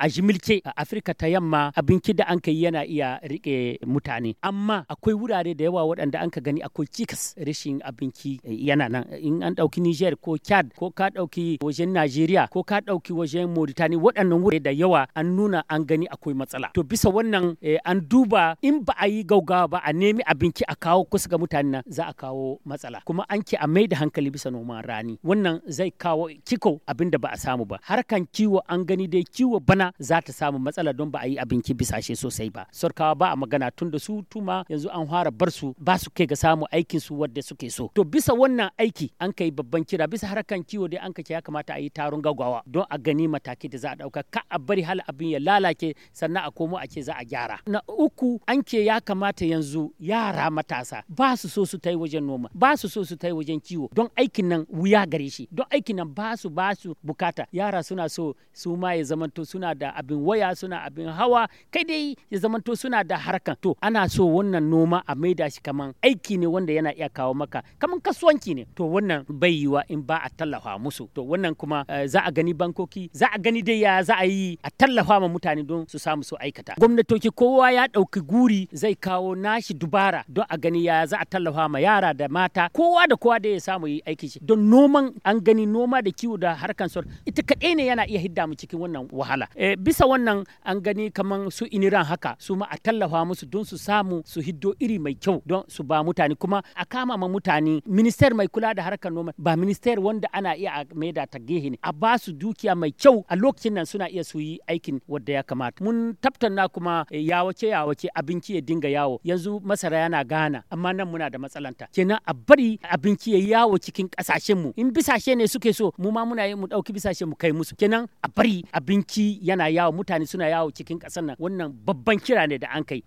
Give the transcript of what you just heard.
a jimilke a afirka ta yamma abinci da an yi yana iya rike mutane amma akwai wurare da yawa waɗanda an ka gani akwai cikas rashin abinci eh, yana nan in an ɗauki niger ko chad ko ka ɗauki wajen nigeria ko ka ɗauki wajen mauritania waɗannan wurare da yawa an nuna an gani akwai matsala to bisa wannan eh, an duba in ba a yi gaugawa ba a nemi abinci a kawo kusa ga mutane nan za a kawo matsala kuma an ki a mai da hankali bisa noman rani wannan zai kawo kiko abin da ba a samu ba harkan kiwo an gani dai kiwo bana za ta samu matsala don ba a yi abinci bisashe sosai ba sarkawa ba a magana tun da su tuma yanzu an fara bar su ba su kai ga samu aikin su wadda suke so to bisa wannan aiki an kai babban kira bisa harkan kiwo dai an kace ya kamata a yi taron gaggawa don a gani mataki da za a dauka ka a bari hal abin ya lalace sannan a komo a ce za a gyara na uku an ke ya kamata yanzu yara matasa ba su so su tai wajen noma ba su so su tai wajen kiwo don aikin nan wuya gare shi don aikin nan ba su ba su bukata yara suna so su ma ya zamanto suna da abin waya suna abin hawa kai dai ya zamanto suna da harkan to ana so wannan noma a maida shi kaman aiki ne wanda yana iya kawo maka kaman kasuwanci ne to wannan bai yiwa in ba a tallafa musu to wannan kuma eh, za a gani bankoki za a gani dai ya za a yi a tallafa ma mutane don su samu su aikata gwamnatoci kowa ya ɗauki guri zai kawo nashi dubara don a gani ya za a tallafa ma yara da mata kowa da kowa dai ya samu yi aiki shi don noman an gani noma da kiwo da harkan sor ita kaɗai ne yana iya hidda mu cikin wannan wahala eh, Eh, bisa wannan an gani kamar su iniran haka su ma a tallafa musu don su samu su hiddo iri mai kyau don su ba mutane kuma a kama ma mutane minister mai kula da harkar noma ba minister wanda ana iya a maida ta ne a ba su dukiya mai kyau a lokacin nan suna iya su yi aikin wadda ya kamata mun tabtanna kuma eh, ya wace ya wace abinci ya dinga yawo yanzu masara yana gana amma nan muna da matsalanta kenan a bari abinci ya yawo cikin kasashen mu in bisashe ne suke so mu ma muna yi mu dauki bisashe mu kai musu kenan a bari abinci yana ana yawo mutane suna yawo cikin ƙasar nan wannan babban kira ne da an kai